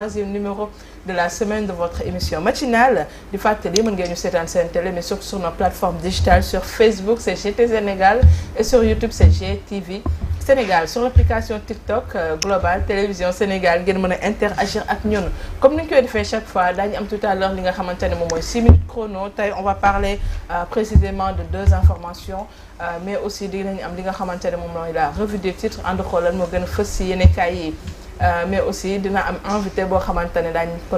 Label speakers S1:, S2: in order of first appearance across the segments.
S1: troisième numéro de la semaine de votre émission matinale Du que mën ngeen ñu cette ancienne télé mais surtout sur nos plateformes digitales sur Facebook c'est GT Sénégal et sur YouTube c'est GTV Sénégal sur l'application TikTok euh, Global Télévision Sénégal nous mën interagir ak comme nous l'avons fait chaque fois nous am tout à l'heure li nga 6 minutes chrono on va parler euh, précisément de deux informations euh, mais aussi de am li la revue des titres Nous avons lan moo euh, mais aussi dina am invité pour xamante ne daañu tout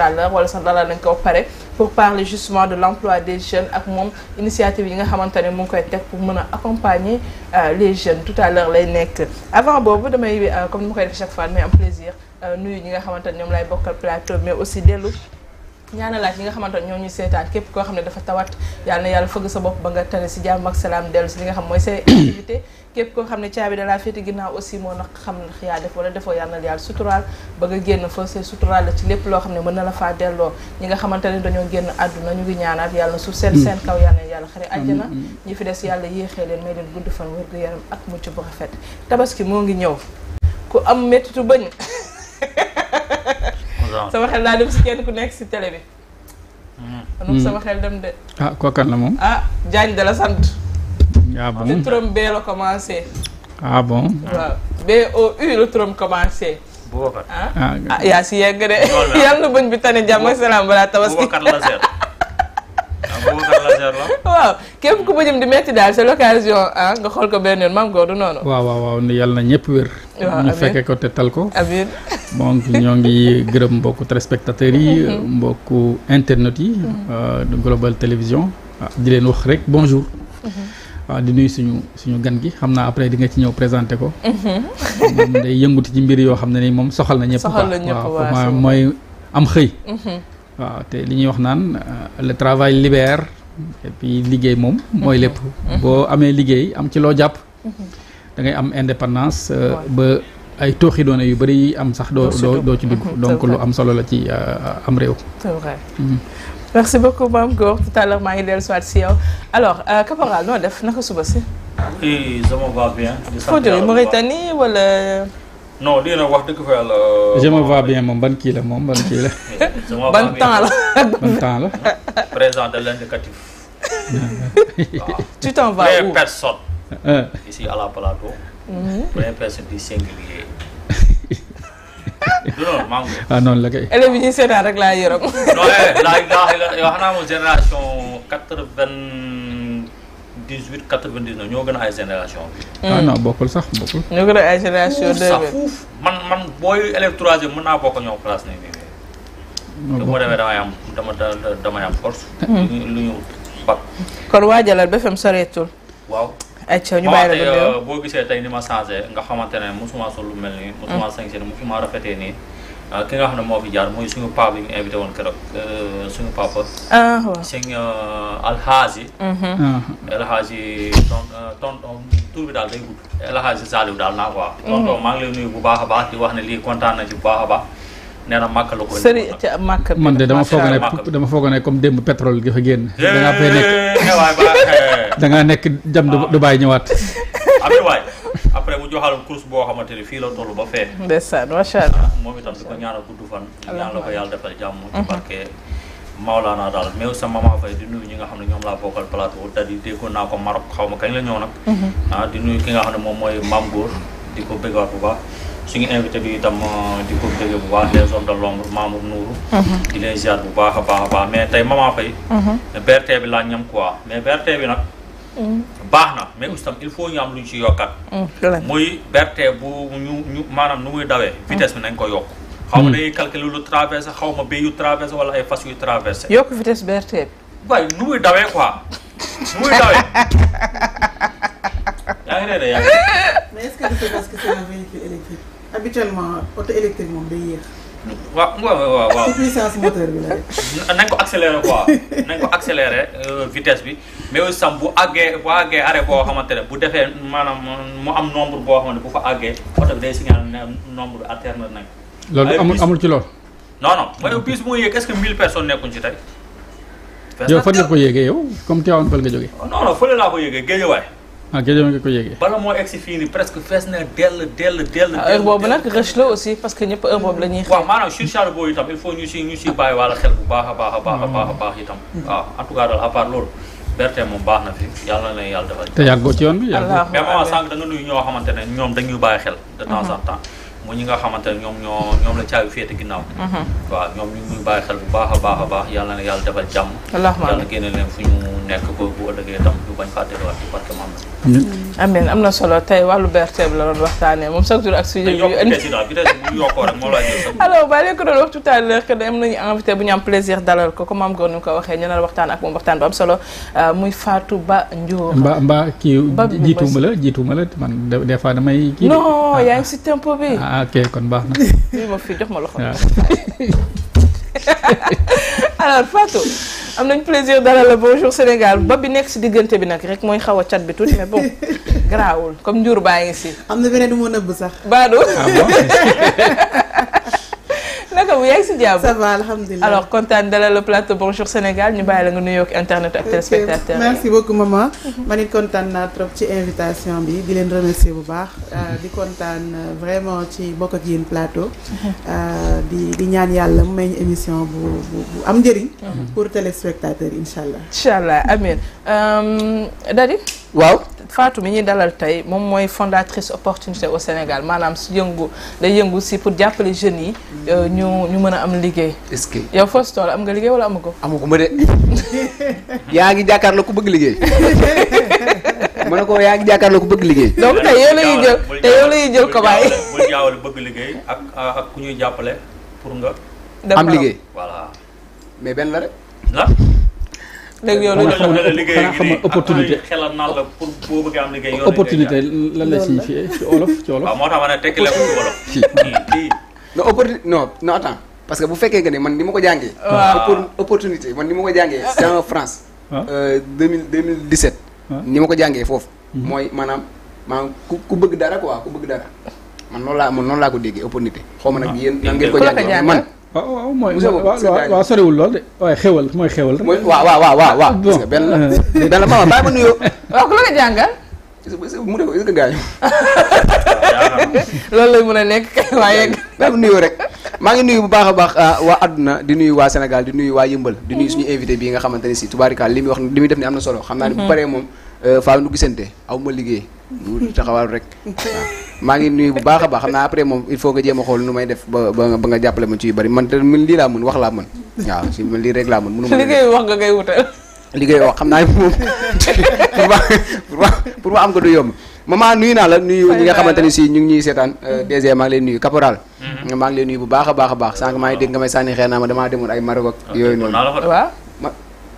S1: à l'heure wala alors dalal nañ ko pare pour parler justement de l'emploi des jeunes ak moom initiative yi nga mon côté mu koy pour mën accompagner euh, les jeunes tout à l'heure lay nekk avant vous damay euh, comme nous ma koy chaque fois mais un plaisir nuyu ñi nga xamante ne ñoom lay plateau mais aussi des loups yi nga xamante ne ñoo ñuy seetaan képp koo xam ne dafa tawat yàlla na yàlla fëgg sa bopp ba nga tane si jàmm ak salaam dellu si nga xam activité képp koo xam ne caabi dalaa féete ginnaaw aussi moo nag xam ndax yaa def wala defoo yàlla yàlla suturaal bëgg a génn fa see suturaal la ci lépp loo xam ne na la faa delloo ñi nga xamante ne dañoo génn àdduna ñu ngi ñaanaat yàlla suuf seen mm. seen kaw yàlla yàlla xare àjjana ñi fi des yàlla yéexee leen may leen gudd fan wér gu yaram ak mucc bu rafet tabaski moo ngi ñëw ku am méttitu bëñ sama xel laa dem si kenn ku nekk si télé bi mm. anum sama mm. xel dem de
S2: ah kookan la moom
S1: ah Diagne da la sant
S2: Kan? Ah bon? Le trompe
S1: B la commencé. Ah bon? B-O-U le trompe commencé. Ah, Ya si yang gede. Kan? Yang lu pun bi tane jàmm ak salaam balaa tabaski. Boubacar Lazer. bëjëm di metti c'est l'occasion ah nga xool ko benn yoon maam góor du noonu.
S2: waaw waaw waaw yàlla na ñëpp ñu fekkee ko te tal ko. amiin. donc ñoo ngi gërëm yi. internet yi. Mhm. Ah, global Télévision. Ah, di leen wax rek bonjour. Mhm. waa di nuyu suñu suñu gan gi xam naa après di nga ci ñëw présenté ko. Mhm. moom day yënguti ci mbir yoo xam ne ni moom soxal na ñëpp. soxal na ñëpp waaw mooy am xëy. Mhm. waaw te li ñuy wax naan euh, le travail libère et puis liggéey moom. mooy lépp mhm. boo amee liggéey am ci loo jàpp. da ngay am indépendance euh, ba. ay tooxi doone yu bëri am sax doo doo doo ci dugg donc lu am solo la ci euh, am réew
S1: merci beaucoup Mme Gour. tout à l'heure maa ngi Alors, si euh, alors caporal noo def naka suba
S3: oui je me vois bien. Faut dire, Mauritanie le. non lii nag wax dëgg fa yàlla.
S2: je me vois bien mon ban kilo, la Bon ban Bon temps là. Bon temps là.
S3: présent de l'indicatif. tu t'en vas où? Première personne. Euh. ici à la plateau. Mhm. Première personne du singulier. ah
S2: noonu la kay.
S1: élèves yi ñuy seetaan rek laa yoroon.
S2: non eh
S3: yoo xam naa moom génération quatre vingt dix huit quatre vingt dix neuf ñoo gën a ay génération bi. ah non bokkul
S1: sax bokkul. ñoo gën a ay génération deux
S3: man man booy élève mun mën naa bokk ñoom classe nii nii. bu ma demee damay am damay am force.
S1: kon waajalal ba fam soreetul. waaw. ayca ñu bàyyi
S3: boo gisee tey ni ma changé nga xamante ne mosuma sol lu fi ma rafetee nii. Ah, ki nga xam ne moo fi jaar mooy suñu paa bi ñu invité woon keroog euh, suñu papa. ah waaw sëñ euh, Alhaji. Mhm. Alhaji ah. euh, tonton tur bi daal day gudd. Alhaji Saliou daal naa ko wax. Mhm. tonton maa ngi lay nuyu bu baax a baax di wax ne lii kontaan na ci bu neena mak la ko ci
S1: mak man de dama foog ne
S2: dama foog ne comme démb pétrole gi fa da nga fay da nga jam du bàyyi ñëwaat
S3: après waay après mu joxal course boo xamante ni la toll ba fee ndeysaan macha allah moom itam di ñaanal gudd fan ñaan la ko yàlla defal ci maulana dal mew sa mama fay di nuyu nga xamne ñom la bokal plateau marok xawma kañ la ñew nak ah di nuyu ki nga xamne mom moy mam goor diko bëggal bu baax suñu invité bi itam euh, di ko déggee bu baax les hommes de l'ombre Mamour Nourou mhm. di leen ziar bu baax a baax a baax mais tey Maman Faye mhm. BRT bi laa ñam quoi mais BRT bi nag mhm. baax na mais aussi tam il faut ñu lu ñu ci yokkat muy BRT bu ñu maanaam nu muy dawee vitesse bi nañ ko yokk xaw ma dañuy calculer lu traversé xaw ma béy yu traversé wala ay fas yu traversé
S1: yokk vitesse BRT bi
S3: waaye nu muy dawee quoi
S4: nu muy dawee yaa ngi ne de yaa ngi mais est-ce que habituellement auto électrique moom day yéex.
S3: waaw waaw waaw
S4: waaw.
S3: nañ ko accéléré quoi nañ ko accéléré euh, vitesse bi mais aussi tam bu àggee bu àggee arrêt boo xamante ne bu defee maanaam mu am nombre boo xamante bu fa àggee oto bi day signal ne nombre bi alterné nañ loolu amul amul ci loolu. non non mooy bis bu ma yéeg est-ce que nekkuñ ci tey. yow fan nga
S2: ko yéegee yow comme Thiawane fan nga jógee.
S3: laa ko yéegee Géejawaay.
S2: ah géej nga ko yéegee.
S3: bala moo egg si fii nii presque fees na dell dell dell. Ah, heure boobu waaw maanaam surcharge boobu hmm. itam a a a a itam. bi yàggoo. nga nuyu ñoom hmm. ñoom la caabi féete ginnaaw. Hmm. waaw ñoom ñu ngi xel bu baax a baax a baax yàlla na yàlla defal jàmm. yàlla génne leen fu ñu nekk ba bu ëllëgee tam ñu bañ fàtte waat ci barke Muhammad Mm.
S1: amiin am na solo tey wàllu BRT bi la doon waxtaanee moom chaque jour ak sujet bi alors ba ko doon wax tout à dem nañu invité bu ñu am plaisir dalal ko comme am ko waxee ñu waxtaan ak moom waxtaan am solo euh, muy Fatou Ba Ndio mba
S2: mba kii jiituuma la jiituuma la man des fois damay kii non ah, yaa ah. Ah, kon baax na
S1: ma fii jox ma loxo alors Fatou am plaisir dalal la bonjour Sénégal ba bi nekk si diggante bi nag rek mooy xaw a bi tuuti mais bon garaawul comme njur baa ngi si.
S4: am na beneen moo nëbb sax. baadu. Ah naka bu yaa ngi ça va alhamdulilah alors
S1: kontaan dalal la plateau bonjour Sénégal ñu bàyyi la nga nuyoo ak internet ak téléspectateurs merci
S4: beaucoup maman. ma ni kontaan naa trop ci invitation bi di leen remercier bu baax. Euh, di euh, vraiment ci bokk ak yéen plateau. Mhm. Euh, di di ñaan yàlla mu émission bu am mhm. pour téléspectateurs incha inshallah.
S1: incha allah Dadi. waaw Fatou mi ñuy dalal Tay, moom mooy fondatrice opportunité au Sénégal maanaam su yëngu day yëngu si pour jàppale jeunes yi. ñu ñu mën a am liggéey. est-ce que yow First Solar am nga liggéey wala amu ko.
S5: amu ma de yaa ngi jàkkaarloo ku bëgg liggéey. ma ko yaa ngi jàkkaarloo ku bëgg liggéey. donc tey yow la ñuy jël ko bàyyi.
S3: bul jaawale bëgg ak ak ku ñuy jàppale pour nga. am liggéey mais benn la rek. la. léegi yow loolu xanaa xam nga opportunité xelal naa la pour boo bëggee am liggéey. opportunité lan la signifié ci olof ci olof. waaw
S5: moo non opportunité non non attends parce que bu fekkee que ne man ni ma ko jàngee. opportunité man ni ma ko jàngee. c'est France. Ah. Euh, deux mille deux mille dix sept. Ah. ni ma ko jàngee foofu. Mhm. mooy maanaam maanaam ku ku bëgg dara quoi ku bëgg dara man noonu laa man noon laa ko déggee opportunité. xaw ma nag ah. yéen nan ngeen ko jàngee man. waaw waaw waaw xewal mooy xewal. mooy waaw waaw waaw waaw. parce benn la benn la maman bàyyi ma waaw ku la ko jàngal. mu def est lay mën a nekk waaye. maa ngi nuyu rek maa ngi nuyu bu baax a baax ah, waa àdduna di nuyu waa Sénégal di nuyu waa Yëmbal di nuyu mhm. suñu invité bii nga xamante ne si tubaarikaal li muy wax li muy def ni am na solo. xam naa ne bu mhm. paree moom euh, faaw nu gisante aw ma liggéey. bu taxawal rek maa ngi nuyu bu baax a baax xam naa après moom il faut nga jéem xool nu may def ba ba nga jàppale ma ci yu bari man te man lii laa mën wax laa mën waaw si man lii rek laa mën. mënu
S1: ma
S5: liggéey woo xam naa moom pour pour ma pour ma am ko du yomb nuyu naa la nuyu ñi nga xamante ni si ñu ngi ñuy seetaan euh, mm-hmm. DG maa ngi leen nuyu caporal mm-hmm. maa leen nuyu bu baax a baax a baax mm-hmm. sànq maa ngi dégg nga may sànni xeer naa ma damaa demoon ay Maroc yooyu noonu waaw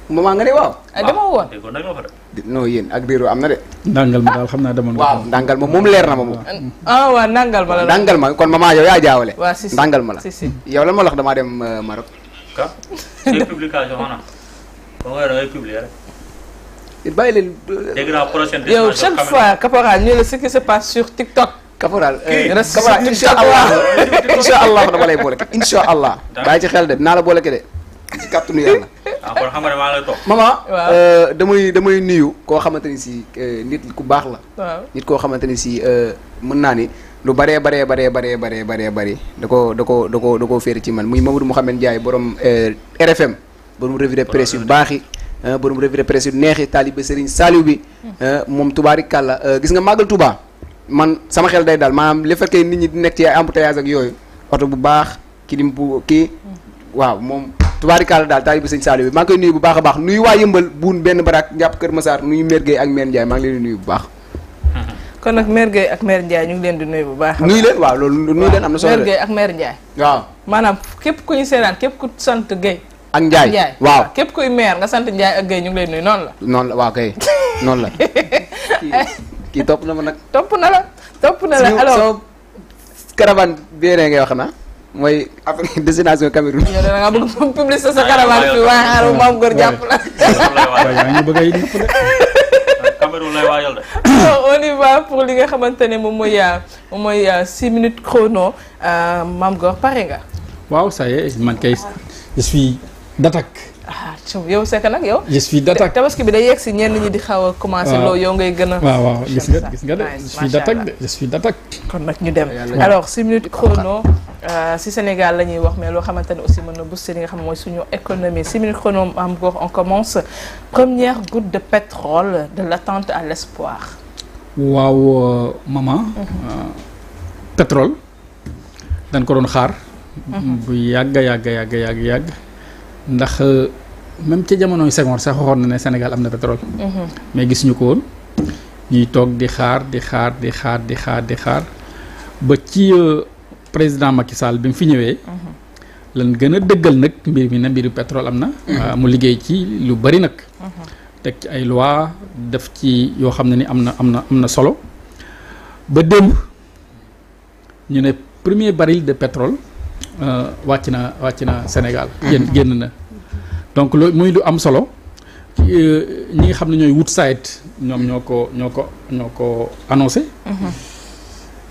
S5: maman nga ne waaw ah,
S1: ah,
S5: ak réeroo am na de ma daal xam naa demoon waaw ndàngal ma moom leer na ma moom ah,
S1: ah waaw ndàngal ma la ndàngal ma kon maman yow yaa jaawale ndàngal ma la
S5: yow lan moo la wax damaa dem euh, Maroc
S3: Hein. Eh ben, Et le chaque
S5: fois qui sur TikTok. caporal de la. RFM borom revire de presse yu baax yi borom revire eh, de presse yu neex yi Serigne Saliou bi hmm. eh, moom tubaarikàlla eh, gis nga magal Touba man sama xel day dal manam le fekke nit ñi di nekk ci ay embouteillage ak yoy auto bu bax kilim bu ki hmm. waaw moom tubaarikàlla dal talib Serigne Saliou bi ma koy nuyu bu baxa bax nuyu wa yembal buun ben barak ñap keur Massar nuyu mergue ak men Ndiaye ma ngi leen di nuyu bu bax
S1: kon nak mergue ak mer Ndiaye ñu ngi leen di nuyu bu baax. nuyu leen
S5: waaw loolu nuyu leen amna solo ak mer Ndiaye. waaw
S1: manam kep ku ñu sétane kep ku sante ak Ndiaye waaw ah, képp kuy meer nga sant Ndiaye ak Guèye ñu ngi noonu
S5: la. noonu la waaw kay noonu la. kii topp na ma nag. topp na la topp na la alors soo caravane bii ngay wax na mooy Afrique destination Cameroun. yow da nga bëgg publicité
S1: sa caravane bi waaye xaaral maam góor jàpp la. Cameroun lay pour li nga xamante ne moom mooy euh, moom mooy 6 euh, minutes chrono euh, maam góor pare nga.
S2: waaw ça y man kay je d'attaque.
S1: ah yow c'est que nag yow. je suis d'attaque tabaski bi day yegg si ñenn ñi di xaw a commencé. waaw loolu yow ngay gën a. waaw waaw gis nga gis nga de je suis d'attaque de je suis d'attaque. kon nag ñu dem alors six minutes chrono. Euh, si Sénégal la ñuy wax mais loo xamante aussi mën na booster li nga xam mooy suñu économie six minutes chrono am goor on commence première goutte de pétrole de l'attente à l'espoir.
S2: waaw euh, maman. Mhm. Euh, pétrole dañ ko doon xaar. Mhm. bu yàgg yàgg yàgg yàgg yàgg. ndax euh, même ca jamonoy Senghor sax waxoon na ne Sénégal am na pétrole. Mhm. mais ñu ko woon ñuy toog di xaar di xaar di xaar di xaar di xaar ba ci euh, président Macky Sall bi mu fi ñëwee. Mhm. lan gën a dëggal nag mbir mi ne mbiru pétrole am na. Mhm. mu liggéey ci lu bari nag. teg ci ay loi def ci yoo xam ne ni am na am na am na solo ba démb ñu ne premier baril de pétrole. Euh, wàcc na Sénégal. génn génn na donc lo muy lu am solo euh, ñi nga xamni ñoy ñooy Woodside ñoom ñoko ñoko ñoo ko ñoo annoncé.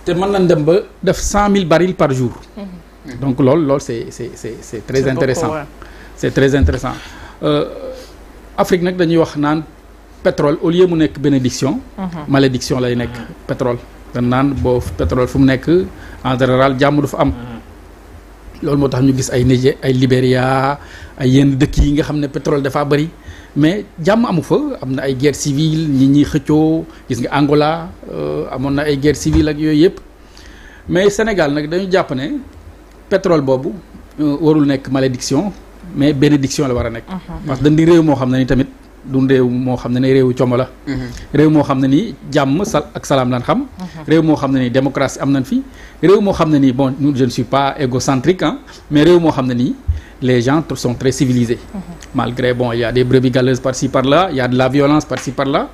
S2: Mhm. nañ dem ba def 100000 mille barils par jour. Mhm. donc loolu loolu c'est c'est c'est c'est très intéressant c'est très intéressant euh, Afrique nak dañuy wax nan pétrole au lieu mu nek bénédiction. Mhm. malédiction lay nek pétrole. dañ nan bo pétrole fu mu en général jamm du fa am lol motax ñu gis ay Niger ay Libéria ay yenn dëkk yi nga xam pétrole dafa bari mais jamm amu fa amna ay guerre civile ñi ñi xëccio gis nga Angola euh, amoon na ay guerre civile ak yoy yëpp mais Sénégal nak dañu japp né pétrole boobu euh, warul nek malédiction mais bénédiction la war a nekk uh-huh. parce que dañ di réew mo xamna ni tamit du mo xamné xam réewu comba la mhm. réew mo xamné ni jamm sal ak salam lan xam mhm. réew mo xamné ne démocratie am nañ fi réew mo xamné ne bon je ne suis pas égocentrique hein. mais réew mo xamné ne les gens sont très civilisés mhm. malgré bon il y a des brebis galeuses par-ci par-là il y a de la violence par-ci par-là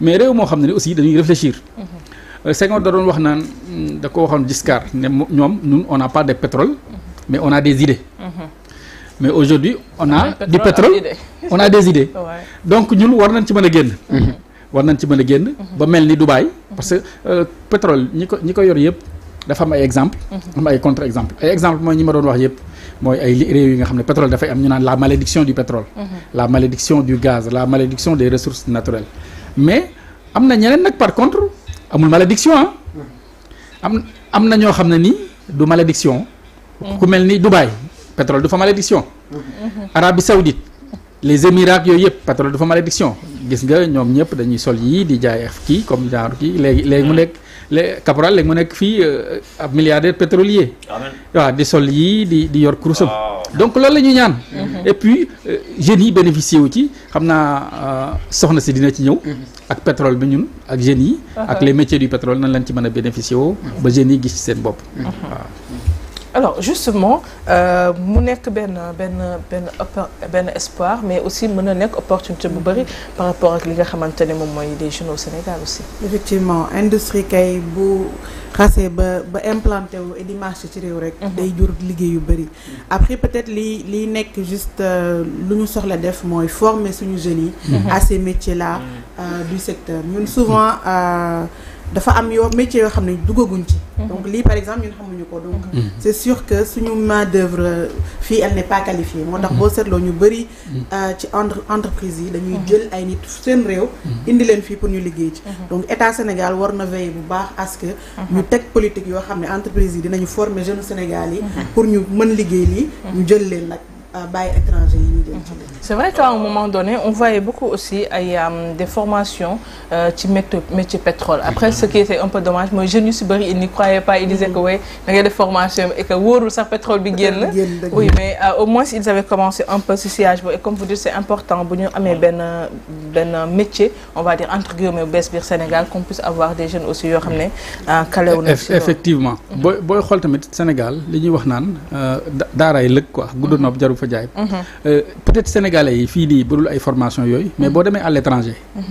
S2: mais réew mo xamné ne aussi dañuy réfléchir euh, Seigneur da doon wax nan da ko waxoon Giscard ne ñoom Nous, on n'a pas de pétrole mais on a des idées mais aujourd'hui on a ah, du pétrole on a des idées donc nous war nañ ci mëna genn mhm. war nañ ci mëna genn mhm. ba ni Dubaï parce que mhm. euh, pétrole ñi ko yor yépp dafa am exemple am contre exemple ay exemple moy ñi ma doon wax ay pétrole dafay am ñu la malédiction du pétrole la malédiction du gaz la malédiction des ressources naturelles mais am na ñeneen nag par contre amul malédiction ah am am na ñoo ne du malédiction ku mel Dubaï pétrole dafa malédiction mhm. Arabie Saoudite les Émirats yooyu pétrole pétrole dafa malédiction gis nga ñoom ñëpp dañuy sol yii di jaay kii comme genre kii léegi léegi mu mhm. nekk léegi Caporal léegi mu nekk fii euh, ab milliardaire pétrolier waaw di sol yii di yor donc loolu les ñu ñaan mhm. et puis euh, jeunes yi bénéficier aussi ci xam naa euh, soxna si dina ci ak pétrole bi ñun ak jeunes yi ak les métiers du pétrole nan lañ ci mën bénéficier woo ba jeunes yi gis ci seen
S1: alors justement euh, mu nekk ben, ben, ben ben espoir mais aussi mon na opportunité bu par rapport à li nga xamante des jeunes au Sénégal aussi.
S4: effectivement industrie kay bu xasee ba ba implanté et di marché ci réew rek. Mhm. day jur liggéey yu après peut-être li li nek juste euh, lu ñu soxla def mooy former suñu jeunes mhm. à ces métiers là mhm. euh, du secteur ñun souvent dafa am yo métier yo xamné ne duggaguñ ci. Mhm. donc li par exemple ñun xamuñu ko donc. Mhm. c'est sûr que suñu main d'œuvre euh, fi elle n'est pas qualifiée. motax bo boo mhm. seetloo ñu bari euh, ci entreprise yi dañuy jël ay nit seen réew. indi leen fi pour ñu liggéey ci. donc état Sénégal war na veiller bu baax à ce que. ñu tek politique yo xamné entreprise yi dinañu former jeune Sénégal yi. pour ñu mën liggéey li ñu jël leen nak Mhm.
S1: c'est vrai qu'à un moment donné on voyait beaucoup aussi des formations qui euh, mettent métier pétrole après ce qui était un peu dommage mon jeunes yu il n'y croyait pas Il disait que mhm. il y a formations formations et que wóorul sax pétrole bi oui mais euh, au moins ils avaient commencé un peu ce siège et comme vous dites c'est important pour nous amee un métier on va dire entre guillemets au BESBIR Sénégal qu'on puisse avoir des jeunes aussi yoo à ne euh,
S2: effectivement mhm. booy tamit Sénégal li wax naan daaraay quoi des nopp fa mhm. euh, peut-être sénégalais yi fii nii barul ay formation yooyu mais mhm. boo demee à l'étranger. Mhm.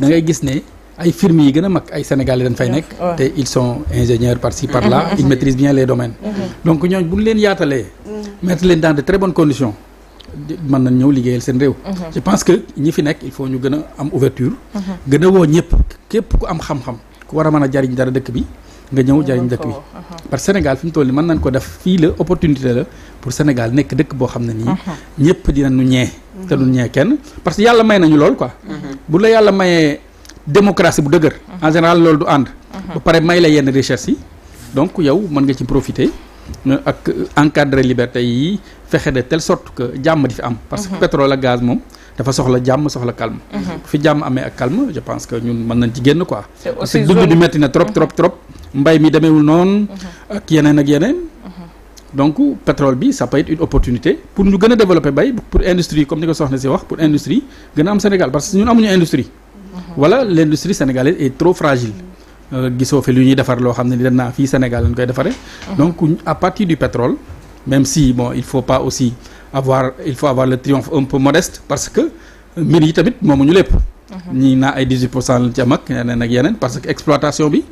S2: da ngay gis ne ay firmes yi gën a ay sénégalais dañ fay nekk. te ils sont ingénieurs par-ci par-là. ils maîtrisent bien les domaines. donc ñooñu bu ñu leen yaatalee. mettre leen dans de très bonnes conditions. mën nañ ñëw liggéeyal seen réew. je pense que ñi fi nekk il faut ñu gëna am ouverture. gëna wo ñëpp képp ku am xam-xam ku wara mëna jariñ dara dëkk bi. nga ñëw jariñ dëkk bi parce que Sénégal fi mu toll nii mën nañ ko def fii la opportunité la pour Sénégal nekk dëkk boo xam ne nii uh-huh. ñëpp dina nu ñee uh-huh. te du ñee kenn parce que yàlla may nañu lool quoi uh-huh. bu la yàlla mayee démocratie bu dëgër en général loolu du ànd ba pare may la yenn richesse yi donc yow mën nga ci profiter ak encadrer liberté yi fexe de telle sorte que jàmm di fi am parce que pétrole ak gaz moom dafa soxla jàmm soxla calme fi jàmm amee ak calme je pense que ñun mën nañ ci génn quoi parce metti na trop trop trop mbay mi demeewul non mhm. ak yenen ak yenen mhm. donc pétrole bi ça peut être une opportunité pour nous gën développer bay pour industrie comme ni ko soxna ci wax pour industrie gëna am Sénégal parce que ñun amuñu industrie. Mhm. voilà l'industrie sénégalaise est trop fragile. Euh, gisoo fi lu ñuy defar loo xam ne Sénégal lañ koy donc à partir du pétrole même si bon il faut pas aussi avoir il faut avoir le triomphe un peu modeste parce que euh, mbir yi tamit moomuñu lépp. ni na ay 18 de ci am ak ak yenen parce que exploitation bi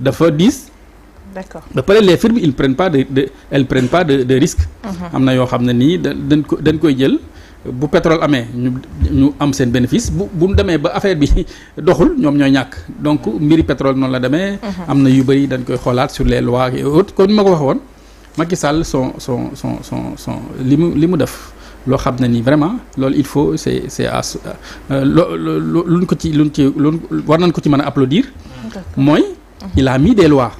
S2: d'accord après les firmes ils prennent pas de risques elles prennent pas de de risque. Mhm. pétrole amé ñu ñu am bénéfice bu bu ba affaire bi doxul donc miri pétrole non la démé mhm. amna yu bari sur les lois et autres comme son son son son vraiment il faut c'est c'est à euh, luñ ko ci luñ ci luñ war applaudir Mhm. il a mis des lois.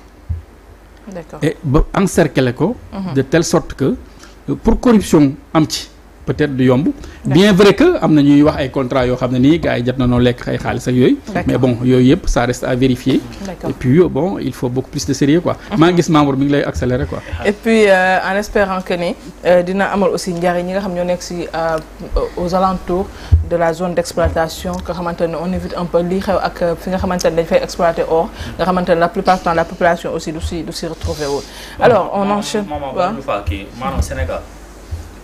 S2: et encerclé-les mhm. de telle sorte que euh, pour corruption anti peut-être du yomb bien vrai que am wax mais bon ça reste à vérifier et puis bon il faut beaucoup plus de sérieux quoi mhm. quoi
S1: et ah. puis euh, en espérant que nous euh, dina aussi des ñi nga euh, aux alentours de la zone d'exploitation que on évite un peu li xew ak exploiter or la plupart de la population aussi s'y s'y retrouver ah, alors on ah, enchaîne
S3: Sénégal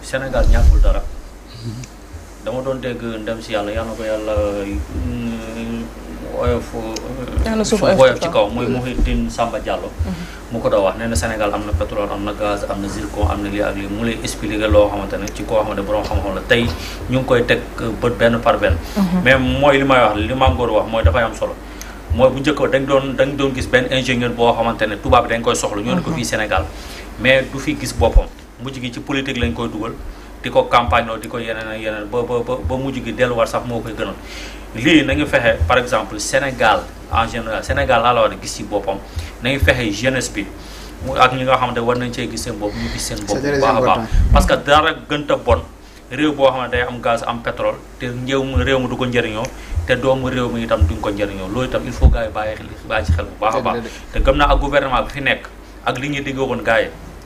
S3: Sénégal ñàkkul dara dama doon dégg ndem si yàlla yàlla na ko yàlla mm, oyof euh, suuf oyof ci kaw mooy Mouhidine Samba Diallo mm-hmm. mu ko doon wax nee Sénégal am na pétrole am na gaz am na zircon am na lii ak lii mu lay expliquer loo xamante ne ci koo xamante borom xam-xam la tey ñu ngi koy teg euh, bët benn par benn mm-hmm. mais mooy li may wax li ma ngóor wax mooy dafay am solo mooy bu njëkk dañ doon dañ doon gis benn ingénieur boo xamante ne tubaab bi dañ koy soxla ñoo ne ko mm-hmm. fii Sénégal mais gis boppam mujj gi ci politique lañ koy dugal di ko campagne loo di ko yeneen ak yeneen ba ba ba mujj gi delluwaat sax moo koy gënal lii na nañu fexe par exemple Sénégal en général Sénégal laa la a gis ci boppam na nañu fexe jeunesse bi mu ak ñi nga xamante war nañ cee gis seen bopp seen bopp bu baax a baax parce que dara gënt a bon réew boo xam ne day am gaz am pétrole te njëw mu réew mi du ko njëriñoo te doomu réew mi itam duñ ko njëriñoo loolu itam il faut gars yi baax a baax te gëm naa ak gouvernement bi fi nekk ak li ñuy diggoon gars yi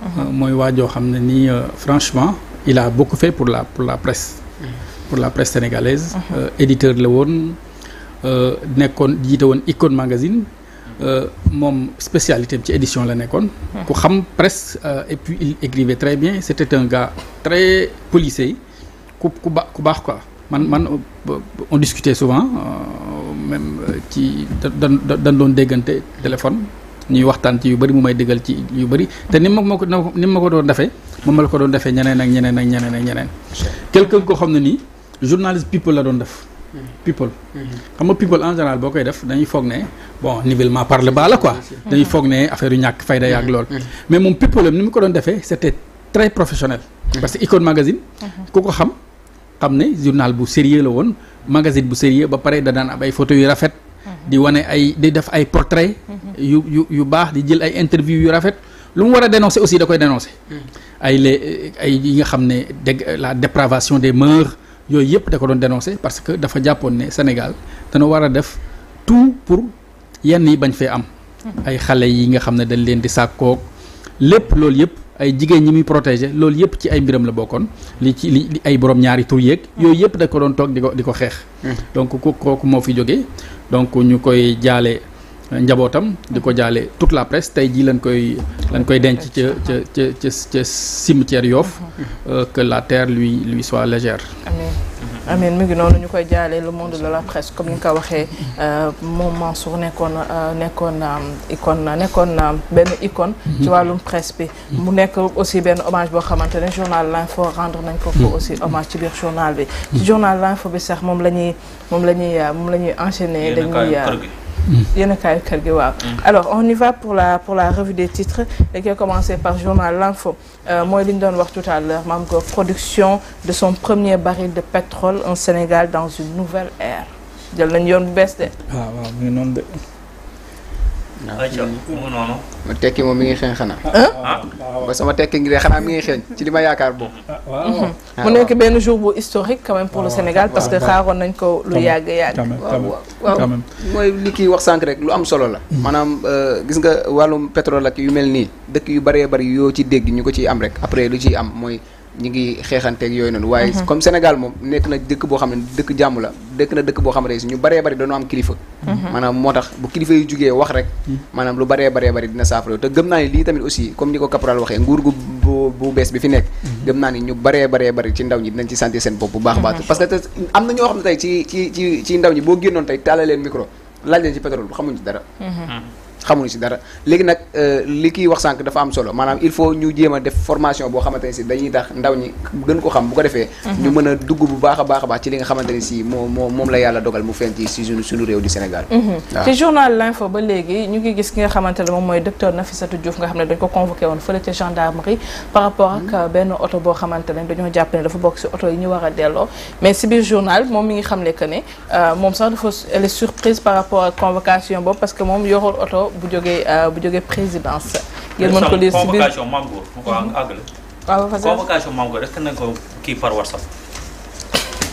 S2: Euh, Moi waa joo euh, franchement il a beaucoup fait pour la pour la presse. pour la presse sénégalaise. Uh-huh. Euh, éditeur de woon nekkoon jiite woon Magazine. mom spécialité ci édition la nekkoon. Uh-huh. ku xam presse et puis il écrivait très bien C'était un gars très policé ku ku ba quoi man on discutait souvent même ci dan don déggante téléphone. ñuy waxtaan ci yu bëri mu may digal ci yu bëri te ni ma ma ko doon defee moom ma la ko doon defee ñeneen ak ñeneen ak ñeneen ak ñeneen xam ne nii journaliste people la doon def people xam nga people en général boo koy def dañuy foog ne nivellement par le la quoi dañuy foog ne affaire ñàkk fayda yaag lool mais moom people am ni mu ko doon defee c'était très professionnel parce que Icon Magazine ku ko xam xam ne journal bu sérieux la woon magazine di wone ay di def ay portrait yu yu yu baax di jël ay interview yu rafet lu mu war a dénoncer aussi da koy dénoncer hmm. ay les ay yi nga xam ne la dépravation des mœurs yooyu yëpp da ko doon dénoncer parce que dafa jàppoon ne Sénégal dana war a def tout pour yenn yi bañ fee am hmm. ay xale yi nga xam ne dañ leen di sàkkoog lépp loolu yëpp ay jigéen ñi muy protégé loolu yëpp ci ay mbiram la bokkoon li ci li ay boroom ñaari tur yeeg yooyu yëpp da ko doon toog di ko di ko xeex hmm. donc ku kooku moo fi jóge donc ñu koy jaale euh, njabootam di ko jaale tout la presse tey jii lañ koy lañ koy denc ca ca ca ca cimetière yoof hmm. euh, que la terre lui lui soit légère
S1: amiin mu ngi noonu ñu koy jaalee le monde de la presse comme ni nga ko waxee euh, moom Mansour nekkoon euh, nekkoon euh, icône nekkoon benn icône ci mhm. wàllum presse bi mu nekk aussi benn hommage boo xamante ne journal l'info rendre nañ ko ko mhm. aussi hommage ci biir journal bi mhm. ci journal l'info bi sax moom la ñuy moom la ñuy moom la ñuy enchaîner dañuy Mm. alors on y va pour la pour la revue des titres qui a commencer par journal l'info euh, Moi li vous donne tout à l'heure production de son premier baril de pétrole en Sénégal dans une nouvelle ère de.
S5: Ah, ayca mu noonu. ma tekki moom mi ngi xeeñ xanaa. Ah. ba sama tekki ngi de xanaa mi ngi xeeñ ci li ma yaakaar boobu. Ah, mhm. ah, mu nekk
S1: benn jour bu historique pour le Sénégal parce que xaaroon nañ ko lu yàgg yàgg.
S5: waaw mooy li kii wax sànq rek lu am solo la. Mhm. maanaam euh, gis nga wàllum pétrole ak yu mel nii dëkk yu baree bëri yoo ci dégg ñu ko ciy am rek après lu ciy am mooy. ñi ngi xeexanteeg yooyu noonu waaye mhm. comme Sénégal moom nekk na dëkk boo xam ne dëkk jàmm la dëkk na dëkk boo xam ne si ñu baree bari dañoo am kilifa mhm. maanaam moo tax bu kilifa yu jugee wax rek hmm. baree baree bari dina saafara te gëm naa ni lii tamit aussi comme ni ko caporal waxee nguur gu bu bees bi fi nekk hmm. gëm naa ni ñu baree baree bari ci ndaw ñi dinañ ci sentir seen bopp bu baax baax mhm. parce que am na ñoo xam ne tey ci ci ci ci ndaw ñi boo génnoon tey tàllal leen micro laaj leen ci pétrole bu xamuñ dara
S1: hmm.
S5: xamuñu ci dara léegi nak euh, li ki wax sank dafa am solo manam il faut ñu jema def formation bo xamanteni ci dañuy tax ndaw ñi gën ko xam bu ko defee mhm. ñu mëna dugg bu baaxa baaxa baax ci li nga xamanteni ci mom mom la yalla dogal mu fën ci si sunu suñu réew di Sénégal mhm. waaw ci
S1: journal l'info ba légui ñu ngi gis ki nga xamanteni mom moy docteur Nafissatou Diouf nga xam dañ ko convoquer won feulé ca gendarmerie par rapport ak mhm. ben auto bo xamanteni dañu japp né dafa bok ci auto yi ñu wara délo mais si biir journal mom mi ngi xamlé ne que ne euh, mom sax dafa elle est surprise par rapport à convocation bo parce que mom yorul auto convocation bu jógee ah, présidence.
S3: mën ko convocation mango ko convocation mango Goor est ko par WhatsApp.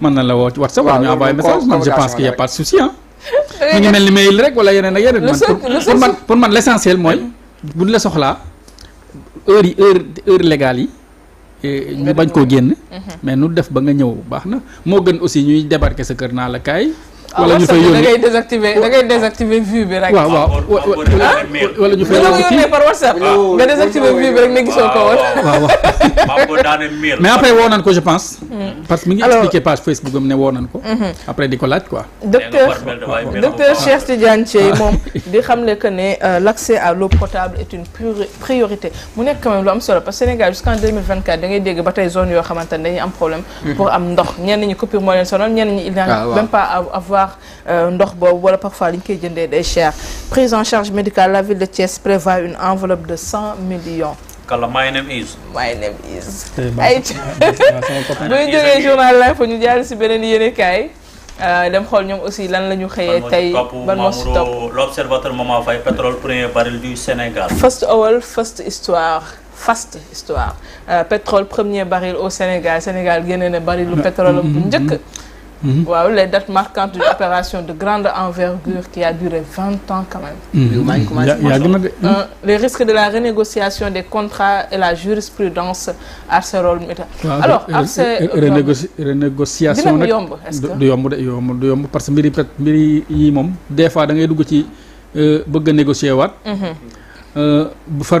S2: mën na la woo ci WhatsApp wala ñu envoyé message man je pense qu'il y a pas de souci ah mu ngi mel ni mail rek wala yeneen ak yeneen man pour man l'essentiel mooy buñ la soxlaa heure yi heure heure légale yi eh, ñu bañ koo génn mhm. mais nu def ba nga ñëw baax na moo gën aussi ñuy débarquer sa kër naa la kaay Ah, wala ñu fay yónnee da ngay
S1: désactiver da ngay désactiver vue bi rek. waaw waaw ah, wala ñu fay yónnee par whatsapp ah, nga désactiver vue bi rek ne gisoo ko woon. waaw
S3: waaw
S2: mais après wonan ko je pense. Hmm. parce que mi ngi expliqué page Facebook am ne wonan ko. Hmm. après diko ko laaj quoi.
S1: docteur docteur Cheikh Tidiane Dieye mom di xamle que ne euh, l'accès à l'eau potable est une priorité mu nekk quand même lu am solo parce que Sénégal jusqu'en 2024 da ngay dégg ba tay zone yo xamante dañuy am problème. Hmm. pour am ndox ñen ñi coupure mo leen sonal ñen ñi. il n'a même pas avoir euh, parfois l'inquiétude koy prise en charge médicale la ville de Thiès prévoit une enveloppe de 100 millions.
S3: kala my name is.
S1: my name is. ay bu la euh, aussi lan
S3: l'observateur Maman Faye pétrole premier baril du Sénégal.
S1: first oil first histoire. faste histoire euh, pétrole premier baril au Sénégal Sénégal a un baril de pétrole bu mm-hmm. Mm les dates marquantes d'une opération de grande envergure qui a duré 20 ans quand même. Mhm. Euh, les risques de la renégociation des contrats et la jurisprudence ArcelorMittal. alors renégociation
S2: du yomb du yomb parce que mbiri peut-être mbiri yi des fois da ngay ci euh, bëgg négocier waat. Mhm. Euh, bu far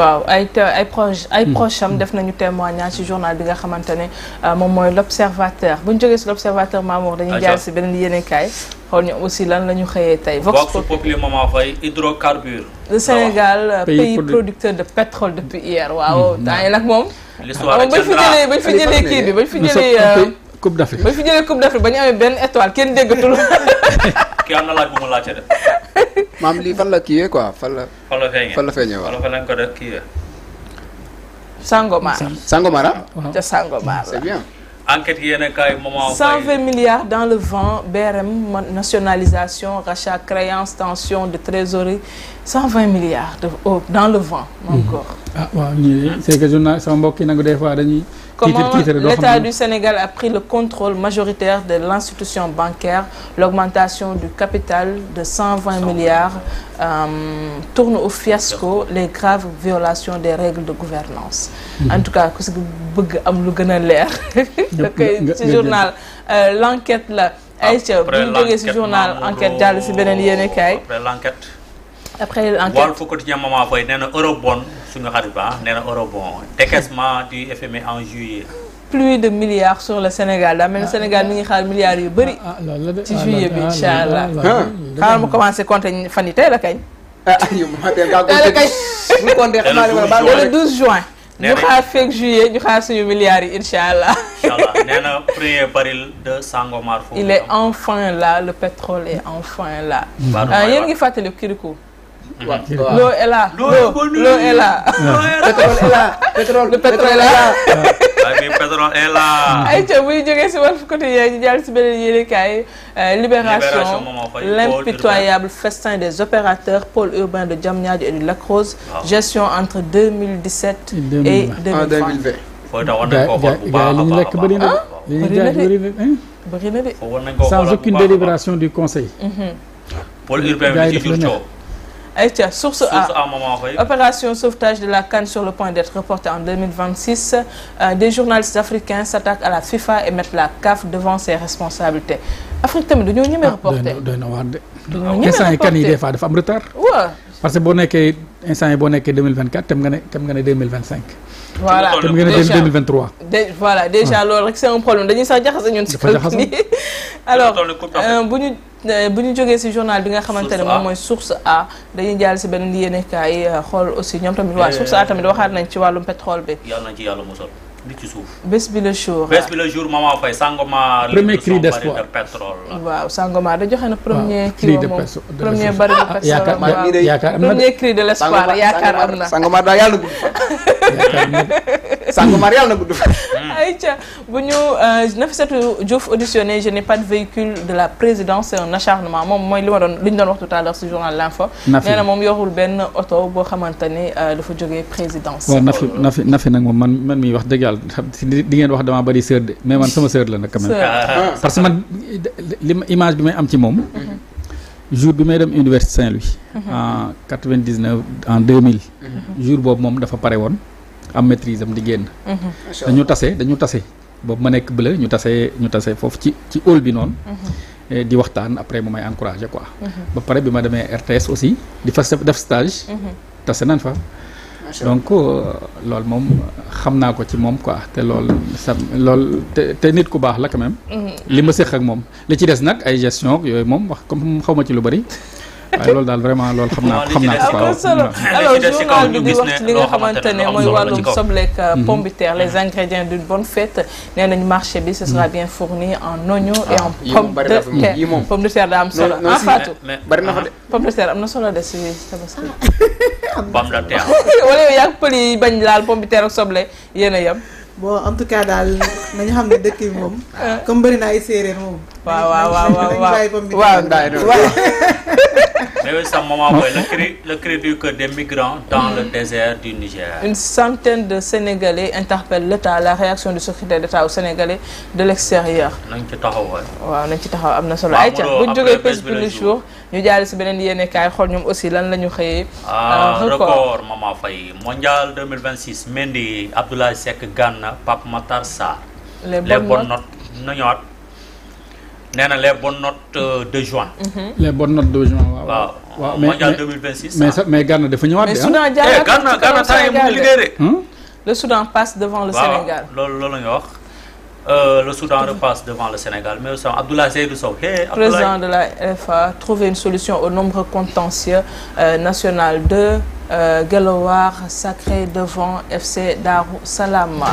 S1: waaw ay ay proche ay hmm. proche am def nañu témoignage ci journal bi nga xamante ne euh, moom mooy l' observateur bu ñu jógee si l' observateur Mamour dañuy jaar si beneen yéenekaay xool aussi lan la ñu xëyee tey. Vox Populi
S3: Maman Faye hydrocarbures. le Sénégal ah pays producteur
S1: de pétrole depuis hier hmm. waaw. Hmm. temps yii nag moom.
S3: l'histoire bañ fi jëlee bañ fi jëlee kii bi bañ fi jëlee. Euh, coupe d' Afrique
S1: bañ fi jëlee coupe
S5: d' Afrique ba ñu amee benn étoile kenn déggatul.
S3: kii am na laaj bu mu laajte def.
S5: maam lii fan la kiiwee quoi fan la.
S3: fan la feeñee fan la feeñee waaw fan ko def kiiwee.
S5: Sangomar. Sangomar ah? c'est bien.
S3: enquête yeneen kaay moment. 120
S1: milliards dans le vent BRM nationalisation rachat créance tension de trésorerie. 120 milliards dans le vent encore.
S2: Mhm. Ah, l'État du
S1: Sénégal a pris le contrôle majoritaire de l'institution bancaire l'augmentation du capital de 120 milliards euh, tourne au fiasco les graves violations des règles de gouvernance mhm. en tout cas am lu journal euh, l'enquête là, journal enquête l'enquête après enquête
S3: Walf Quotidien Mama Faye nee na eurobond suñu xarit ba nee na eurobond décaissement du FMI e en juillet.
S1: plus de milliards sur le Sénégal daa même ah, Sénégal ah. mi ngi a milliards yu bëri. Ah, ci juillet bi incha allah. xaaral ma commencé compter fan yi tey la kañ. ah yow ma tey daa compter le 12 juin. ñu xaar fekk juillet ñu xaar suñu milliards milliard, Inch'Allah.
S3: allah. incha allah de Sangomar. il est
S1: enfin là le pétrole est enfin là. yéen ngi fàttali Kirikou
S3: l'eau est là. est là. pétrole est là le pétrole
S1: est là. libération l'impitoyable festin des opérateurs pôle urbain de Djamniad et du gestion entre 2017 et
S3: 2020. Ah, ah, hein? sans aucune délibération du conseil. Mm-hmm. pôle urbain
S1: Aïtia, source, source, A. Opération sauvetage de la Cannes sur le point d'être reportée en 2026. Euh, des journalistes africains s'attaquent à la FIFA et mettent la CAF devant ses responsabilités. Afrique tamit dañoo ñemee ah, reporté. doyna waar de. Ah, instant y kan yi des fois dafa am retard. waaw
S2: parce que boo nekkee instant yi boo nekkee 2024 tem nga ne tem nga ne 2025.
S1: voilà tem nga ne 2023. voilà déjà ah. loolu rek c'est un problème dañuy sax jaxase ñun si. dafa jaxase alors euh, bu ñu. Euh, bu ñu jógee ci journal bi nga xamante ne moom mooy source A dañuy jàll ci beneen yéenekaay euh, xool aussi ñoom tamit waa euh, source A tamit waxaat nañ ci wàllum pétrole bi.
S3: yàlla nañ li ci suuf.
S1: bés bi le jour bés
S3: bi le jour maman Faye Sangomar. premier cri d'espoir de pétrole
S1: waaw sangoma da joxe na premier. cri de premier baril de ah, pétrole yaakaar yaakaar premier cri de l'espoir yaakaar am na
S5: Sangomar daal yàlla na gudd fa. Sangomar na gudd fa. Hmm.
S1: ayca bu ñu euh, Diouf auditionné je n'ai pas de véhicule de la présidence c'est un acharnement mom moy luma don liñ don ñu doon wax tout à l'heure ci journal L'Info. néna mom na moom yorul benn oto boo xamante ni euh, dafa présidence. wa Nafi
S2: Nafi Nafi nak mom man man miy wax dëgg Sénégal di ngeen wax damaa bari sœur de mais man sama sœur la nag quand ah, ah. parce que man image bi may am ci moom jour bi may dem université Saint-Louis mhm. en 99 en 2000 mhm. jour boobu moom dafa pare woon am maîtrise di génn mhm. dañu tase dañu tase boobu ma nekk bële ñu tase ñu tase foofu ci ci hall bi noonu eh, di waxtaan après mu may encouragé quoi ba pare bi ma demee RTS aussi di fa def stage tase nan fa donc euh, loolu moom xam naa ko ci moom quoi te lool sa lool te te nit ku baax la quand même. Mhm. li ma séq ak moom li ci des nag ay gestion yooyu moom wax comme xaw ma ci lu bari. waaye loolu daal vraiment loolu xam naa xam naa ko waaw solo alors journal bi di wax ci li nga xamante ne mooy wàllum sobleek euh,
S1: mhm. pombiteer les ingrédients d'une bonne fête nee nañ marché bi ce sera mhm. bien fourni en oignon et en ah, pomme de terre pomme de terre daa am solo ah Fatou bari na fa ah, pomme de terre am na solo de si tabaski pomme de terre wala yow yaa ngi pël yi bañ laal pombiteer ak soble
S4: yéen a yem bon en tout cas daal nañu xam ne dëkk yi moom. comme bëri na ay séeréer moom. waaw waaw waaw waaw
S3: waaw mais sax moment booy le cri le cri du cœur des migrants dans le désert du Niger. Une
S1: centaine de Sénégalais interpellent l'État la réaction du secrétaire d'État aux Sénégalais de l'extérieur. nañ ci taxaw waaw nañ ci taxaw am na solo. ay ca bu ñu jógee page bi le jour. ñu jaari si beneen yéenekaay xool ñoom aussi lan la ñu xëyee. Ah, euh, record
S3: ma Faye mondial 2026 Mendy Abdoulaye Seck Gana Pape Matar Sarr.
S1: les bonnes
S3: notes na ñëwaat nee na les bonnes notes euh, de juin. Mm-hmm.
S2: les bonnes notes de juin waaw. waaw waaw mais mondial
S3: 2026. mais ah.
S1: mais Gana dafa
S2: ñëwaat de
S3: mais ah. Soudan jaaraat eh, Gana Gana temps yi mu ngi liggéey de. Hmm? le Soudan
S1: passe loolu
S3: loolu ñu wax. Euh, le Soudan repasse devant le Sénégal. Mais aussi, président
S1: de la FA trouver une solution au nombre contentieux euh, national de euh, sacré devant FC Darou
S5: Salama.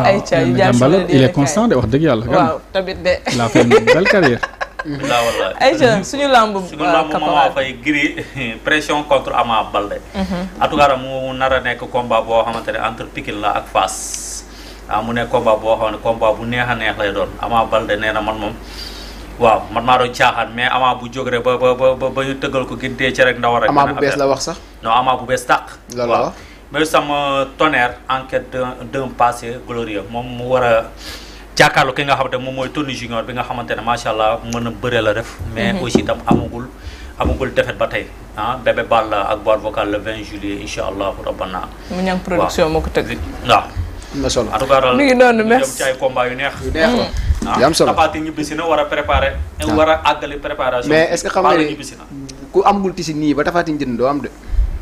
S1: ayca yu jàpp il de
S2: wax dëgg yàlla. waaw tamit de. il a fait une belle carrière.
S3: wallaah ayca suñu
S1: lamb. suñu lamb Mama
S3: Faye Gris pression contre Ama Baldé. Mhm. en tout cas mu nar a nekk combat boo xamante ne entre Pikine la ak Fass. ah mu nekk combat boo xam ne combat bu neex a neex lay doon Ama Baldé nee na man moom. waaw man maa doon caaxaan mais ama bu jóg rek ba ba ba ba ñu tëggal ko gintee ci rek ndaw rek. ama bu bees la wax sax. non ama bu bees tàq. loolu la wax mais sama tonnerre enquête d'un passé glorieux moom mu war a jàkkaarloo ki nga xamante moom mooy Tony Junior bi nga xamante ne macha allah mën a bëre la def. Mhm. mais aussi itam amagul amagul defet ba tey ah bébé Ball ak boîte vocale le 20 juillet incha allah rabbana.
S1: mu ñam production
S3: moo ko tëgg. waaw. am na solo en tout cas daal ñu jëm ci combat yu neex. yu neex la mm. ah, yu am solo tapaati ñibbisi na war a ah. a àggali
S5: nii ba tafaati jënd doo am de.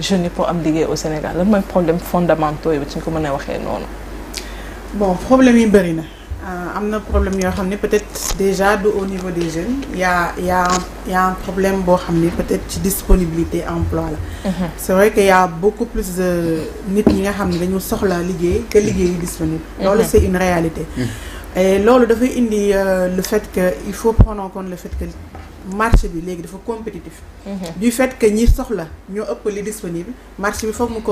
S1: je n'ai pas am au Sénégal C'est un problème fondamental. Je ne pas non
S4: bon problème yi bëri a euh, am problème peut-être déjà au niveau des jeunes y a y a un problème peut-être disponibilité emploi mhm. c'est vrai qu'il y a beaucoup plus de nit qui sont en train dañu soxla que liggéey yu disponible. Mhm. c'est une réalité. Mhm. et là et indi euh, le fait il faut prendre en compte le fait que. marché bi léegi dafa compétitif. Mhm. du fait que ñi soxla ñoo ëpp li disponible marché bi foog mu